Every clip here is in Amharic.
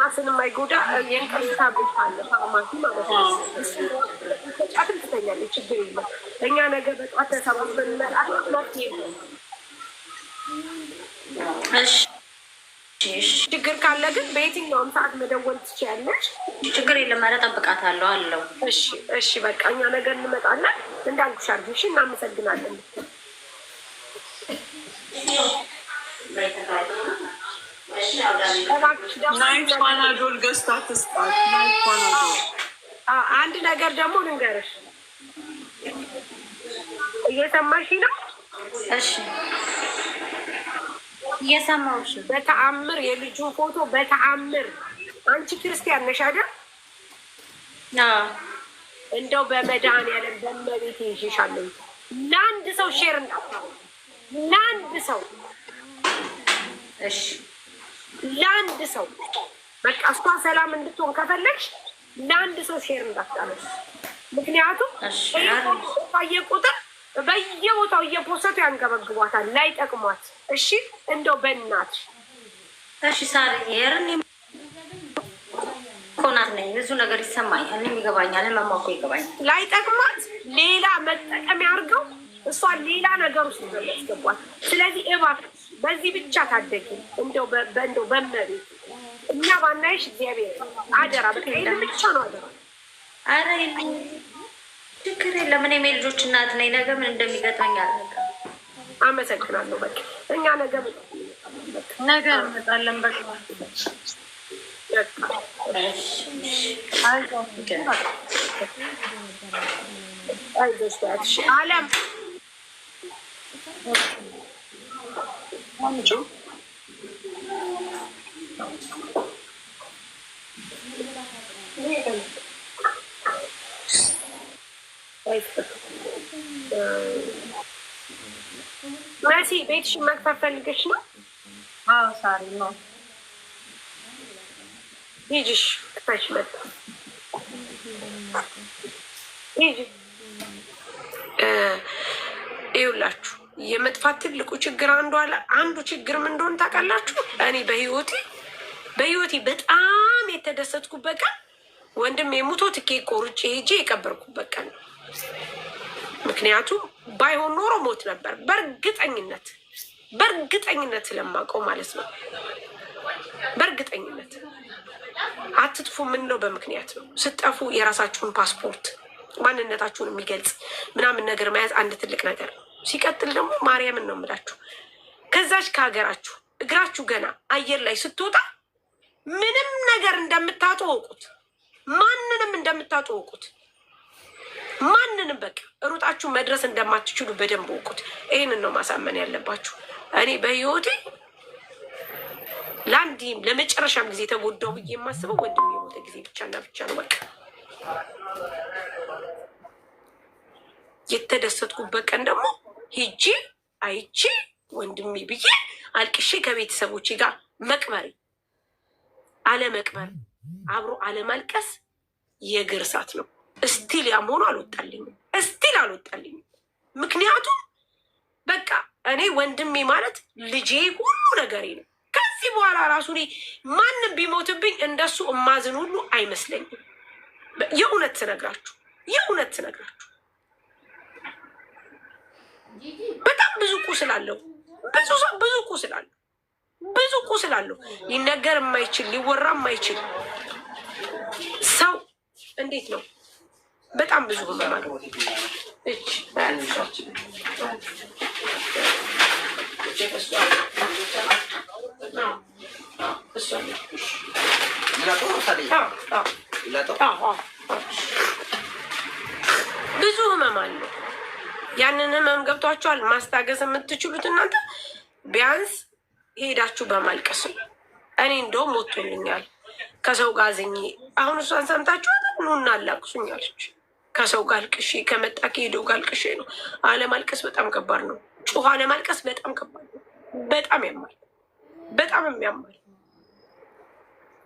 ራስን የማይጎዳ የእንቅልፍ ታብሌት አለ ፋርማሲ ማለት ነው። ትተኛለች፣ ችግር የለም። እኛ ነገ በጠዋት ችግር ካለ ግን በየትኛውም ሰዓት መደወል ትችያለሽ። ችግር የለም። ኧረ እጠብቃታለሁ አለው። እሺ፣ እሺ፣ በቃ እኛ ነገ እንመጣለን። እንዳልኩሽ አድርጊ። እሺ፣ እናመሰግናለን። ናይት ፓናዶል ገዝታ ትስጣት። ናይት ፓናዶል። አንድ ነገር ደግሞ ንገርሽ፣ እየሰማሽ ነው? እሺ፣ እየሰማሁሽ። በተአምር የልጁን ፎቶ በተአምር አንቺ ክርስቲያን ነሽ አይደል? እንደው በመድኃኒዓለም በመቤት ይሽሻለሁ። ለአንድ ሰው ሼር እንዳታ ለአንድ ሰው እሺ ለአንድ ሰው በቃ እሷ ሰላም እንድትሆን ከፈለግሽ ለአንድ ሰው ሼር እንዳታረግ። ምክንያቱም ባየ ቁጥር በየቦታው እየፖሰቱ ያንገበግቧታል፣ ላይ ጠቅሟት። እሺ እንደው በእናት እሺ። ሳር ሳርን ኮናት ነኝ፣ ብዙ ነገር ይሰማኛል፣ እኔም ይገባኛል፣ መማኮ ይገባኛል። ላይ ጠቅሟት ሌላ መጠቀሚያ አድርገው እሷን ሌላ ነገር ውስጥ ያስገቧት። ስለዚህ እባክሽ በዚህ ብቻ ታደግ እንደው በእንደው በመሪ እኛ ባናይሽ እግዚአብሔር አደራ፣ በቃ ይሄን ብቻ ነው አደራ። አረ ችግር የለም እኔም የልጆች እናት ነኝ። ነገ ምን እንደሚገጥመኝ አመሰግናለሁ። በቃ እኛ ነገ ነገ እንመጣለን። በቃ አለም መሲ ቤትሽ መክፈት ፈልገሽ ነው? አዎ ሳሪ ነው። ሂጂሽ ክፈሽ መጣ ሂጂ የመጥፋት ትልቁ ችግር አንዱ አለ አንዱ ችግር ምን ታውቃላችሁ? እኔ በህይወቴ በህይወቴ በጣም የተደሰትኩበት ቀን ወንድም የሙቶ ትኬ ቆርጬ ሄጄ የቀበርኩበት ቀን ነው። ምክንያቱም ባይሆን ኖሮ ሞት ነበር፣ በእርግጠኝነት በእርግጠኝነት ስለማውቀው ማለት ነው። በእርግጠኝነት አትጥፉ የምንለው በምክንያት ነው። ስጠፉ የራሳችሁን ፓስፖርት ማንነታችሁን የሚገልጽ ምናምን ነገር መያዝ አንድ ትልቅ ነገር ነው። ሲቀጥል ደግሞ ማርያምን ነው የምላችሁ፣ ከዛች ከሀገራችሁ እግራችሁ ገና አየር ላይ ስትወጣ ምንም ነገር እንደምታጡ ወቁት። ማንንም እንደምታጡ ወቁት። ማንንም በቃ ሩጣችሁ መድረስ እንደማትችሉ በደንብ ወቁት። ይህንን ነው ማሳመን ያለባችሁ። እኔ በህይወቴ ለአንድም ለመጨረሻም ጊዜ ተጎዳው ብዬ የማስበው ወንድም የሞተ ጊዜ ብቻና ብቻ ነው። በቃ የተደሰትኩበት ቀን ደግሞ ሄጄ አይቺ ወንድሜ ብዬ አልቅሼ ከቤተሰቦች ጋር መቅበሬ አለመቅበር አብሮ አለማልቀስ የእግር እሳት ነው። እስቲል ያም ሆኖ አልወጣልኝም፣ እስቲል አልወጣልኝም። ምክንያቱም በቃ እኔ ወንድሜ ማለት ልጄ ሁሉ ነገሬ ነው። ከዚህ በኋላ ራሱ እኔ ማንም ቢሞትብኝ እንደሱ እማዝን ሁሉ አይመስለኝም። የእውነት ስነግራችሁ የእውነት ስነግራችሁ በጣም ብዙ ቁስል አለው። ብዙ ሰው ብዙ ቁስል አለው። ብዙ ቁስል አለው። ሊነገር የማይችል ሊወራ የማይችል ሰው እንዴት ነው? በጣም ብዙ ህመማ እች ያንን ህመም ገብቷቸዋል። ማስታገስ የምትችሉት እናንተ ቢያንስ ሄዳችሁ በማልቀስ እኔ እንደውም ወቶልኛል ከሰው ጋር ዝኝ። አሁን እሷን ሰምታችሁ ኑና አላቅሱኝ አለች። ከሰው ጋር አልቅሼ ከመጣ ከሄደው ጋር አልቅሼ ነው። አለማልቀስ በጣም ከባድ ነው። ጩኸ አለማልቀስ በጣም ከባድ ነው። በጣም ያማል። በጣም የሚያማል።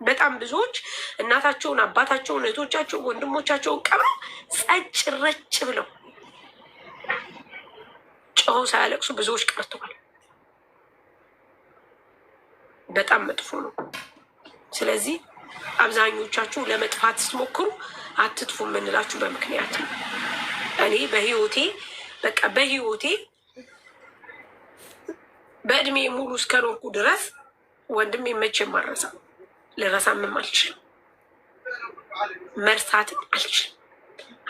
በጣም ብዙዎች እናታቸውን፣ አባታቸውን፣ እህቶቻቸውን፣ ወንድሞቻቸውን ቀብረው ጸጭ ረጭ ብለው ጮኸው ሳያለቅሱ ብዙዎች ቀርተዋል። በጣም መጥፎ ነው። ስለዚህ አብዛኞቻችሁ ለመጥፋት ስትሞክሩ አትጥፉ የምንላችሁ በምክንያት ነው። እኔ በህይወቴ በቃ በህይወቴ በእድሜ ሙሉ እስከኖርኩ ድረስ ወንድሜ መቼም አልረሳም፣ ልረሳምም አልችልም፣ መርሳትን አልችልም፣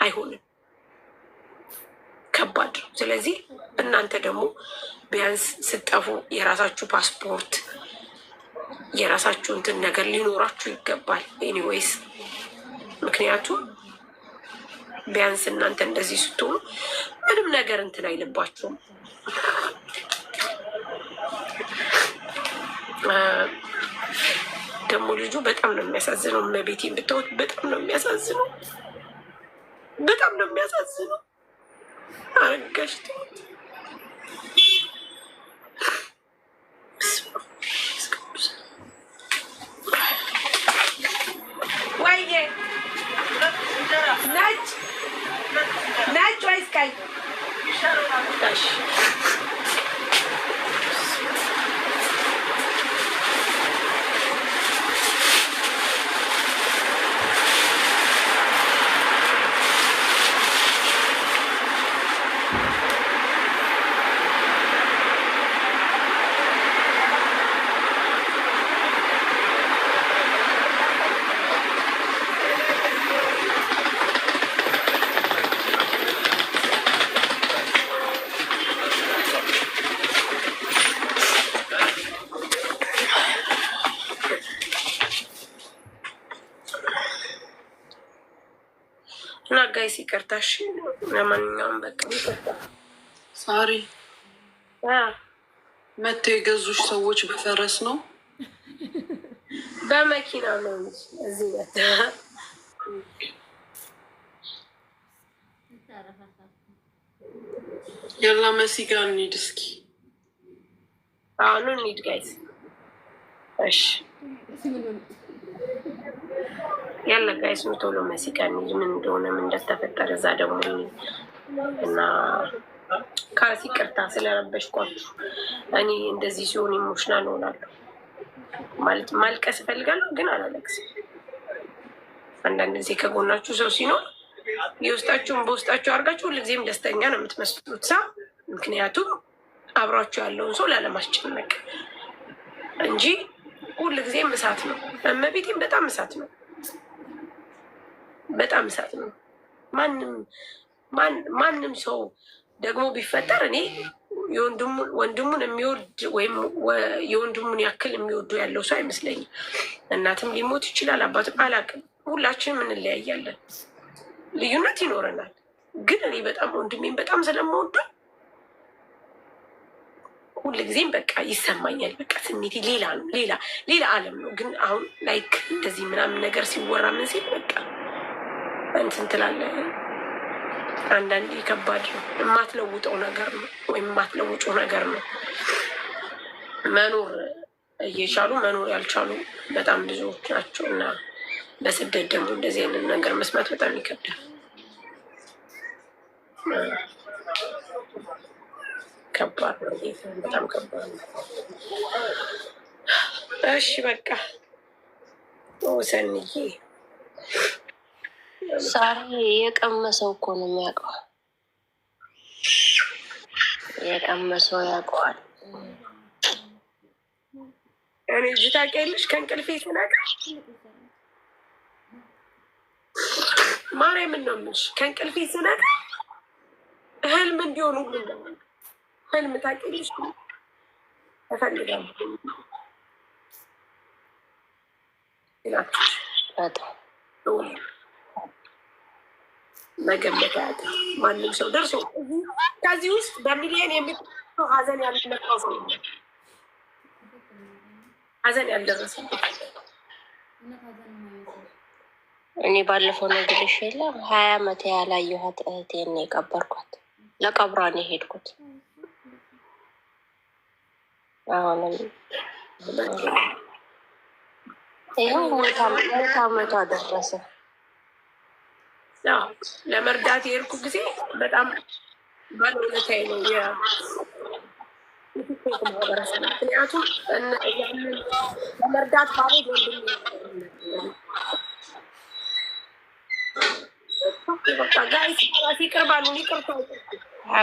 አይሆንም። ከባድ ነው። ስለዚህ እናንተ ደግሞ ቢያንስ ስጠፉ የራሳችሁ ፓስፖርት የራሳችሁ እንትን ነገር ሊኖራችሁ ይገባል። ኤኒዌይስ ምክንያቱም ቢያንስ እናንተ እንደዚህ ስትሆኑ ምንም ነገር እንትን አይልባችሁም። ደግሞ ልጁ በጣም ነው የሚያሳዝነው። እመቤቴን ብታወት በጣም ነው የሚያሳዝነው። በጣም ነው የሚያሳዝነው። አረጋሽ ነጭ ወይስ ቀይ? እና ጋይስ ሲቀርታሽ ለማንኛውም በቃ ሳሪ መተው የገዙሽ ሰዎች በፈረስ ነው በመኪና ነው እዚህ መታ ያላ መሲ ጋር እንሂድ እስኪ አሁኑ እንሂድ ጋይስ እሺ ያለ ጋይስ ቶሎ መሲቀን ምን እንደሆነ ምን እንደተፈጠረ እዛ ደግሞ እና ካሲ ቅርታ ስለረበሽኳችሁ። እኔ እንደዚህ ሲሆን ኢሞሽናል ሆናለሁ። ማለት ማልቀስ እፈልጋለሁ ግን አላለቅስም። አንዳንድ ጊዜ ከጎናችሁ ሰው ሲኖር የውስጣችሁን በውስጣችሁ አድርጋችሁ ሁልጊዜም ደስተኛ ነው የምትመስሉት ሳ ምክንያቱም አብሯችሁ ያለውን ሰው ላለማስጨነቅ እንጂ ሁልጊዜም እሳት ነው። እመቤቴም በጣም እሳት ነው። በጣም እሳት ነው። ማንም ማንም ሰው ደግሞ ቢፈጠር እኔ ወንድሙን የሚወድ ወይም የወንድሙን ያክል የሚወዱ ያለው ሰው አይመስለኝም። እናትም ሊሞት ይችላል፣ አባትም አላውቅም። ሁላችንም እንለያያለን፣ ልዩነት ይኖረናል። ግን እኔ በጣም ወንድሜን በጣም ስለምወደው ሁልጊዜም በቃ ይሰማኛል። በቃ ስሜቴ ሌላ ነው፣ ሌላ ሌላ አለም ነው። ግን አሁን ላይክ እንደዚህ ምናምን ነገር ሲወራ ምን ሲል በቃ እንትን ትላለህ። አንዳንዴ ከባድ ነው። የማትለውጠው ነገር ነው ወይም የማትለውጩ ነገር ነው። መኖር እየቻሉ መኖር ያልቻሉ በጣም ብዙዎች ናቸው እና በስደት ደግሞ እንደዚህ አይነት ነገር መስማት በጣም ይከብዳል። ከባድ ነው። በጣም ከባድ ነው። እሺ በቃ ሰንዬ ሳሪ የቀመሰው እኮ ነው የሚያውቀው። የቀመሰው ያውቀዋል። እኔ እዚህ ታውቂያለሽ፣ ከእንቅልፌ ስነቃ ማርያምን ነው የምልሽ። ከእንቅልፌ ስነቃ ህልም እንዲሆኑ ህልም ታውቂያለሽ እፈልጋለሁ በጣም መገመት ያጣ ማንም ሰው ደርሶ ከዚህ ውስጥ በሚሊዮን የሚቆጠር ሀዘን ያልመጣው ሰው ሀዘን ያልደረሰ እኔ ባለፈው ነግሬሽ የለ ሀያ ዓመት ያላየኋት እህቴን የቀበርኳት ለቀብሯን የሄድኩት። አሁንም ይኸው ሞታ ዓመቷ ደረሰ። ለመርዳት የሄድኩ ጊዜ በጣም ባለውለታይ ነው የቲክቶክ ማህበረሰብ። ምክንያቱም ለመርዳት ልጇ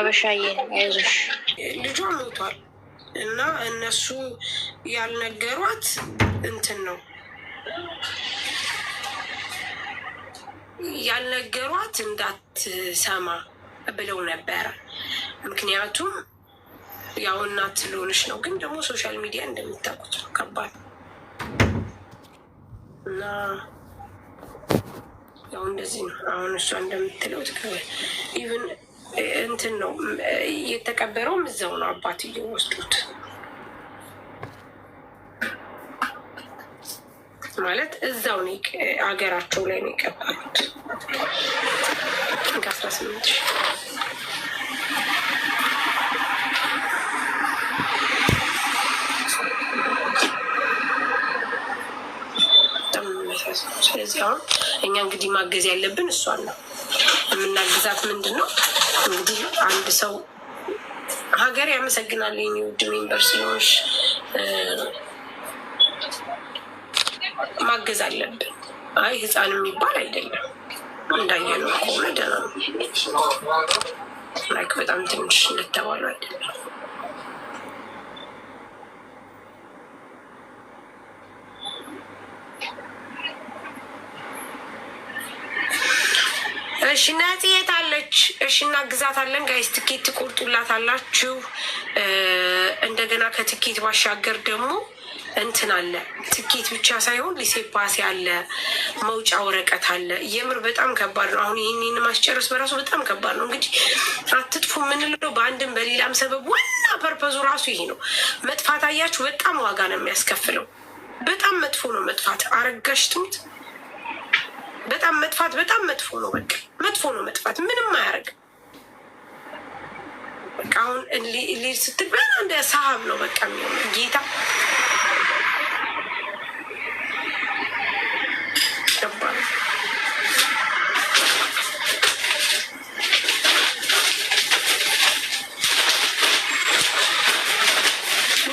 ሞቷል እና እነሱ ያልነገሯት እንትን ነው ያልነገሯት እንዳትሰማ ብለው ነበረ። ምክንያቱም ያው እናት ልሆንሽ ነው፣ ግን ደግሞ ሶሻል ሚዲያ እንደሚታቁት ነው ከባድ እና ያው እንደዚህ ነው። አሁን እሷ እንደምትለው ኢቭን እንትን ነው የተቀበረውም እዛው ነው አባት እየወስዱት ማለት እዛው ሀገራቸው ላይ ነው የቀበሉት። ከአስራ ስምንት ስለዚህ አሁን እኛ እንግዲህ ማገዝ ያለብን እሷን ነው የምናግዛት። ምንድን ነው እንግዲህ አንድ ሰው ሀገር ያመሰግናል የኒውድ ሜምበር ስለሆንሽ ማገዝ አለብን። አይ ህፃን የሚባል አይደለም። እንዳየነው ከሆነ ደህና ነው። ላይክ በጣም ትንሽ እንደተባሉ አይደለም። እሺ እናቴ የት አለች? እሺ እናግዛታለን። ጋይስ ትኬት ትቆርጡላት አላችሁ። እንደገና ከትኬት ባሻገር ደግሞ እንትን አለ። ትኬት ብቻ ሳይሆን ሊሴፓሴ አለ፣ መውጫ ወረቀት አለ። የምር በጣም ከባድ ነው። አሁን ይህንን ማስጨረስ በራሱ በጣም ከባድ ነው። እንግዲህ አትጥፉ የምንለው በአንድም በሌላም ሰበብ ዋና ፐርፐዙ ራሱ ይሄ ነው። መጥፋት አያችሁ፣ በጣም ዋጋ ነው የሚያስከፍለው። በጣም መጥፎ ነው መጥፋት። አረጋሽ ትሙት በጣም መጥፋት በጣም መጥፎ ነው። በቃ መጥፎ ነው መጥፋት፣ ምንም አያደርግም። በቃ አሁን ሊል ስትል በጣም እንደ ሳሀብ ነው በቃ ጌታ ያስገባል።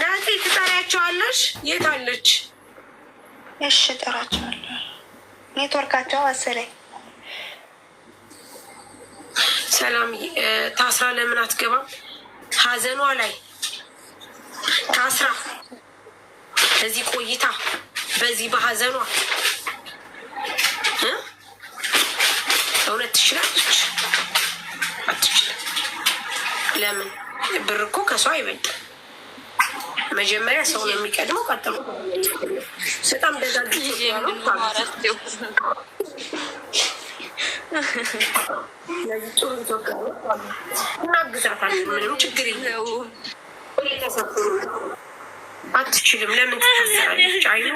ናቲ የት አለች? እሺ እጠራቸዋለሁ። ኔትወርካቸው መሰለኝ። ሰላም ታስራ ለምን አትገባም? ሀዘኗ ላይ ታስራ እዚህ ቆይታ በዚህ በሀዘኗ እውነት ትችላለች አትችልም? ለምን ብር እኮ ከሰው አይበልጥም። መጀመሪያ ሰው ነው የሚቀድመው። ቀጥሎ በጣም ደዛ ችግር የለውም። አትችልም። ለምን ትታሰራለች? አይኑ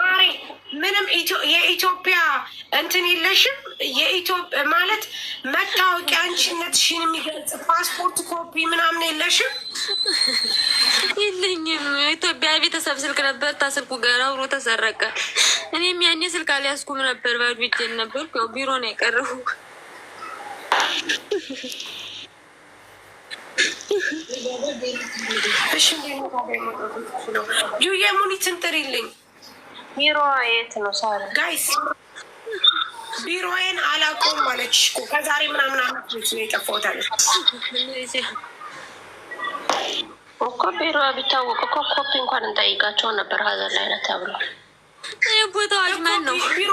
ማሪ ምንም የኢትዮጵያ እንትን የለሽም። የኢትዮጵያ ማለት መታወቂያ አንቺነትሽን የሚገልጽ ፓስፖርት ኮፒ ምናምን የለሽም? የለኝም። ኢትዮጵያ ቤተሰብ ስልክ ነበር፣ ታስልኩ ጋር አብሮ ተሰረቀ። እኔም ያኔ ስልክ አልያዝኩም ነበር፣ ባዶ እጄን ነበር። ቢሮ ነው የቀረሁ እሺ ጁዬ ሙኒትን ጥሪልኝ። ቢሮ የት ነው ሳሪ? ጋይስ ቢሮዬን አላውቀውም ማለች እኮ ከዛሬ ምናምን አመት ነው የጠፋሁት አለች እኮ ቢሮ ቢታወቅ እኮ ኮፒ እንኳን እንጠይቃቸው ነበር። ሀዘን ላይ ነት ተብሏል። ቦታዎች ማን ነው ቢሮ?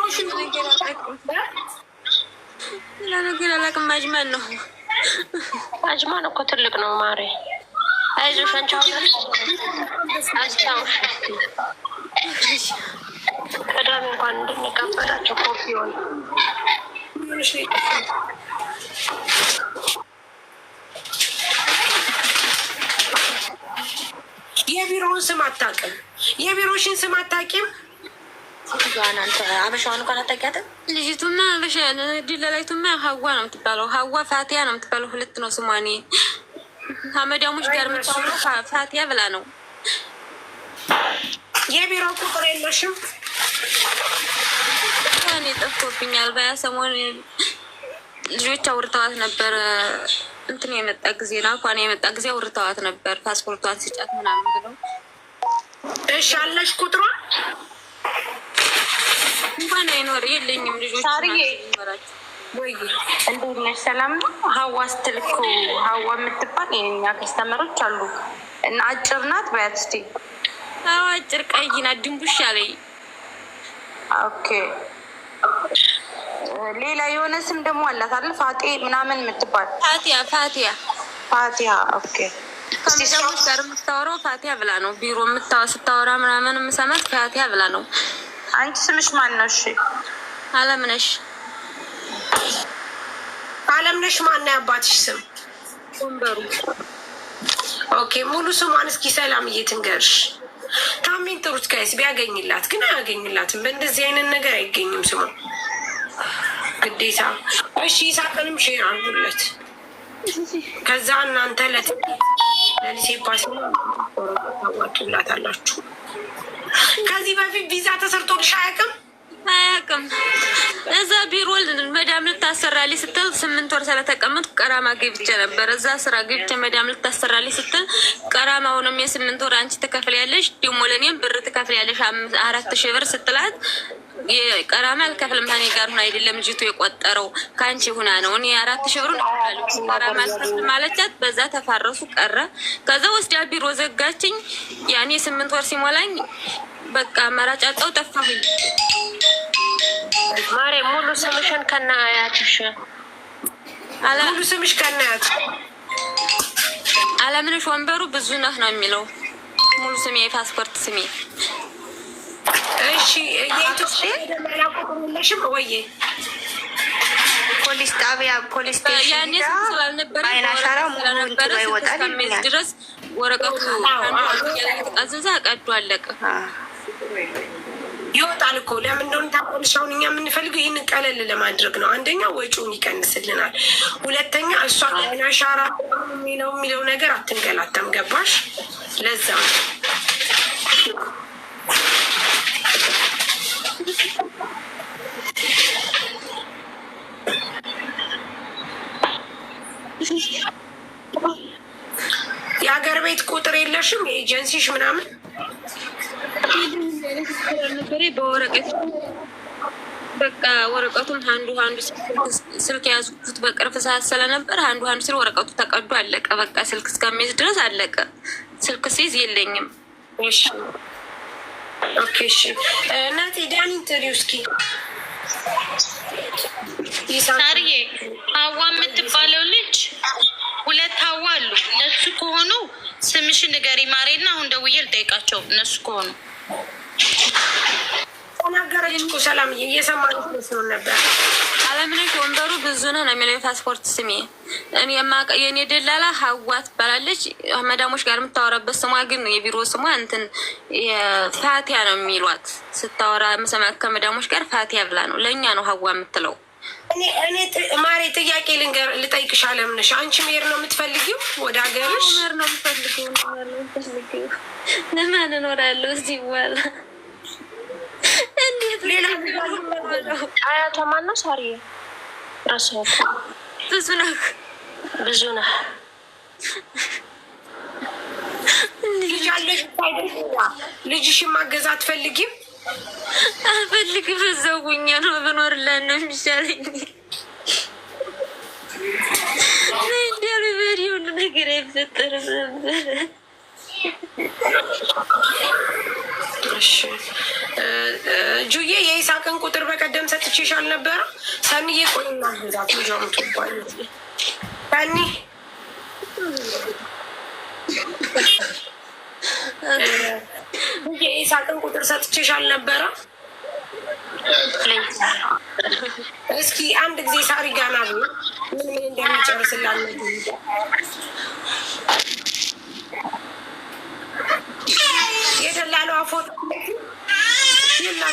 ስለነገር አላውቅም ማጅ ነው አጅማን እኮ ትልቅ ነው ማሬ፣ አይዞሽ አንቺ ቅዳሜ እንኳን እንድንቀበላቸው ኮፒ ሆነ የቢሮውን ስም አታውቅም። የቢሮሽን ስም አታውቂም። አበሻዋን እንኳን አታውቂያትም። ልጅቱማ አበሻ ድለላይቱማ ሀዋ ነው የምትባለው። ሀዋ ፋቲያ ነው የምትባለው። ሁለት ነው ስሟኔ ከመዳሞች ጋር የምታወራው ፋቲያ ብላ ነው። የቢሮ ቁጥር የለሽም? እኔ ጠፍቶብኛል። በያ ሰሞን ልጆች አውርተዋት ነበር። እንትን የመጣ ጊዜ ና እንኳን የመጣ ጊዜ አውርተዋት ነበር። ፓስፖርቷን ስጫት ምናምን ብለው እሺ አለሽ ቁጥሯ እንኳን አይኖር የለኝም። ልጆች እንዴት ነሽ? ሰላም ነው። ሀዋ ስትልክ ሀዋ የምትባል የኛ ከስተመሮች አሉ እና አጭር ናት በያት እስኪ። አዎ አጭር ቀይ ናት። ድንቡሽ አለኝ። ኦኬ ሌላ የሆነ ስም ደግሞ አላት አለ ፋጤ ምናምን የምትባል ፋቲያ ፋቲያ ፋቲያ ኦኬ ከሰዎች ጋር የምታወራው ፋቲያ ብላ ነው። ቢሮ ስታወራ ምናምን የምሰማት ፋቲያ ብላ ነው። አንቺ ስምሽ ማን ነው? እሺ አለምነሽ። አለምነሽ ማን ነው ያባትሽ ስም? ወንበሩ። ኦኬ ሙሉ ስሟን እስኪ ሰላም እየትንገርሽ ታሜን ጥሩት ጋይስ ቢያገኝላት ግን አያገኝላትም። በእንደዚህ አይነት ነገር አይገኝም ስሙ ግዴታ። እሺ ይሳቅንም ሼር አንዱለት ከዛ እናንተ ለት ለሊሴ ፓስ ታዋጡላት አላችሁ ከዚህ በፊት ቪዛ ተሰርቶልሽ አያውቅም? አያውቅም። እዛ ቢሮ መዳም ልታሰራልኝ ስትል ስምንት ወር ስለተቀመጥኩ ቀራማ ገብቼ ነበር። እዛ ስራ ገብቼ መዳም ልታሰራልኝ ስትል ቀራማ ሆኖም የስምንት ወር አንቺ ትከፍል ያለሽ ደግሞ ለእኔም ብር ትከፍል ያለሽ አራት ሺህ ብር ስትላት ቀራማ አልከፍልም። ከኔ ጋር ሁን አይደለም ልጅቱ የቆጠረው ከአንቺ ሁና ነው። እኔ አራት ሺህ ሸሩን ቀራማ አልከፍልም ማለቻት። በዛ ተፋረሱ ቀረ። ከዛ ወስዳ ቢሮ ዘጋችኝ። ያኔ ስምንት ወር ሲሞላኝ በቃ አማራጭ አጣው ጠፋሁኝ። ማሬ ሙሉ ስምሽን ከና አያትሽ ሙሉ ስምሽ ከና አያት አለምንሽ ወንበሩ ብዙ ነህ ነው የሚለው ሙሉ ስሜ የፓስፖርት ስሜ የኢትዮጵያሽም ወይ ፖሊስ ጣቢያ ፖሊስ ስቴሽን አይናሻራ ሙሉ ይወጣል ድረስ ወረቀቱ ተቃዘዛ ቀዱ አለቀ ይወጣል እኮ ለምን እንደሆነ ታውቃለሽ። አሁን እኛ የምንፈልገው ይህንን ቀለል ለማድረግ ነው። አንደኛ ወጪውን ይቀንስልናል፣ ሁለተኛ እሷ አይናሻራ የሚለው የሚለው ነገር አትንገላተም። ገባሽ? ለዛ ነው አንዱ አንዱ ስልክ የያዝኩት በቅርብ ሰዓት ስለነበር አንዱ አንዱ ስል ወረቀቱ ተቀዶ አለቀ። በቃ ስልክ እስከሚይዝ ድረስ አለቀ። ስልክ ሲይዝ የለኝም። እናቴ ዳኒ ኢንተሪው እስኪ ሳርዬ ሀዋ የምትባለው ልጅ ሁለት ሀዋ አሉ። እነሱ ከሆኑ ስምሽ ንገሪ ማሬና፣ አሁን ደውዬ ልጠይቃቸው እነሱ ከሆኑ ተናገረች እኮ መስሎን ነበር። አለምነሽ ወንበሩ ብዙ ነው ነው የሚለው የፓስፖርት ስሜ። እኔ ደላላ ሀዋ ትባላለች። መዳሞች ጋር የምታወራበት ስሟ ግን የቢሮ ስሟ እንትን ፋቲያ ነው የሚሏት። ስታወራ ከመዳሞች ጋር ፋቲያ ብላ ነው። ለእኛ ነው ሀዋ የምትለው። እኔ ማሬ ጥያቄ ልንገር ልጠይቅሽ። አለምነሽ አንቺ መሄድ ነው የምትፈልጊው? ወደ ሀገርሽ ነው ለማን እኖራለሁ እዚህ በኋላ አያቷ ማነው? ሳሪ ረሳሁ። ብዙ ነህ ብዙ ነህ ልጅሽን ማገዝ አትፈልጊም? አልፈልግም። እዛው ጉኛ ነው ብኖርላት ነው የሚሻለኝ። እንዲያሉ በሪ ሁሉ ነገር አይፈጠርም ነበረ ጁዬ የኢሳቅን ቁጥር በቀደም ሰጥቼሽ አልነበረ? ሰኒዬ ቆይና ግዛት ልጇም ሰኒ የኢሳቅን ቁጥር ሰጥቼሽ አልነበረ? እስኪ አንድ ጊዜ ሳሪ ጋና ብሎ ምን ምን እንደሚጨርስላለ የደላለዋ ፎቶ ይላት